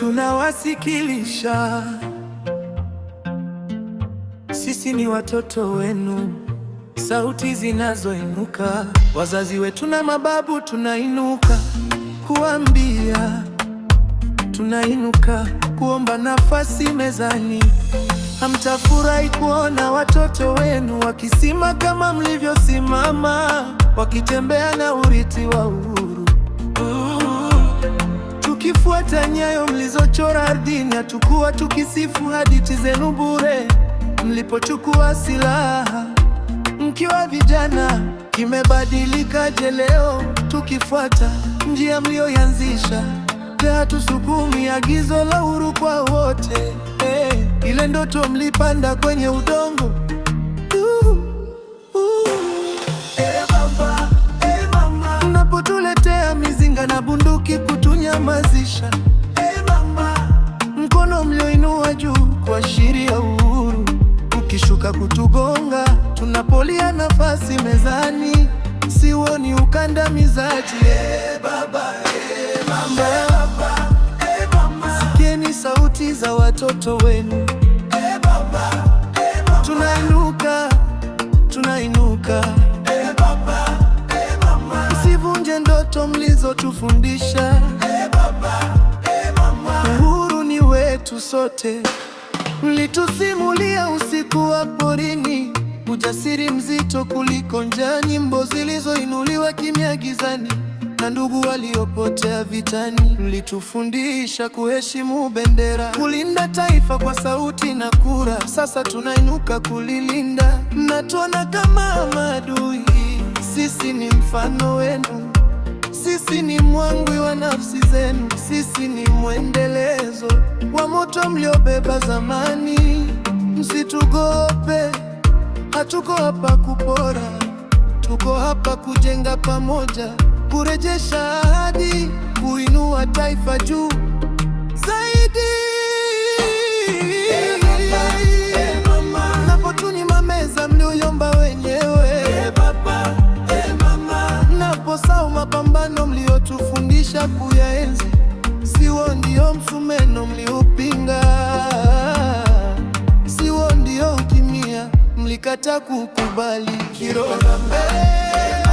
tunawasikilisha. Sisi ni watoto wenu, sauti zinazoinuka. Wazazi wetu na mababu, tunainuka kuambia, tunainuka kuomba nafasi mezani. Hamtafurahi kuona watoto wenu wakisima kama mlivyosimama, wakitembea na urithi wa uhuru tukifuata nyayo mlizochora ardhini. Hatukuwa tukisifu hadithi zenu bure, mlipochukua silaha mkiwa vijana. Kimebadilikaje leo tukifuata njia mliyoianzisha Hatusukumi agizo la uhuru kwa wote, hey. Eh, ile ndoto mlipanda kwenye udongo kuashiria uhuru, ukishuka kutugonga tunapolia nafasi mezani, siwoni ukandamizaji. Hey baba, hey mama, hey baba, hey mama, sikieni sauti za watoto wenu. Hey baba, hey mama, tunainuka, tunainuka. Hey baba, hey mama, Usivunje ndoto mlizotufundisha. Hey baba, hey mama, uhuru ni wetu sote. Mlitusimulia usiku wa porini, ujasiri mzito kuliko njaa, nyimbo zilizoinuliwa kimya gizani, na ndugu waliopotea vitani. Mlitufundisha kuheshimu bendera, kulinda taifa kwa sauti na kura. Sasa tunainuka kulilinda, mnatuona kama maadui. Sisi ni mfano wenu, sisi ni mwangwi wa nafsi zenu, sisi ni mwendelezo wa moto mliobeba zamani. Msitugope, hatuko hapa kupora, tuko hapa kujenga pamoja, kurejesha ahadi, kuinua taifa juu zaidi. Eh, eh, meza mlioyomba wenyewe, eh, mapambano mliotufundisha kuyaenzi, siwo ndio msumeno mlio Nimekataa kukubali Kilolo mbele